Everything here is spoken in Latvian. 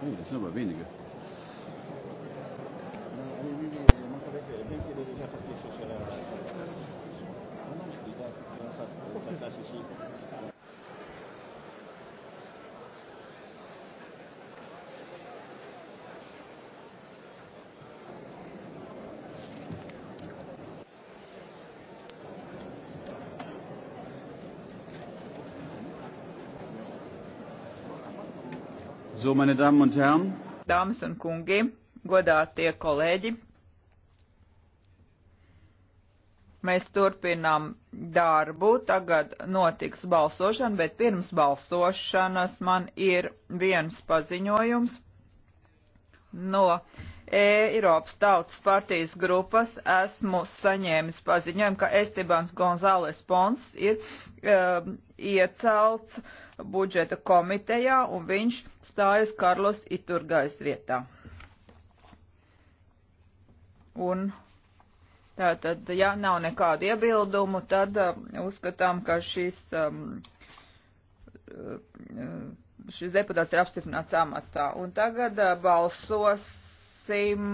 Oh, das sind aber wenige. So, meine Damen und Herren. Dāmas un kungi, godātie kolēģi, mēs turpinām darbu. Tagad notiks balsošana, bet pirms balsošanas man ir viens paziņojums. No Eiropas Tautas partijas grupas esmu saņēmis paziņojumu, ka Estibans Gonzāles Pons ir um, iecelts budžeta komitejā un viņš stājas Karlos Iturgais vietā. Un tātad, ja nav nekādu iebildumu, tad um, uzskatām, ka šis um, uh, šis deputāts ir apstiprināts amatā. Un tagad uh, balsosim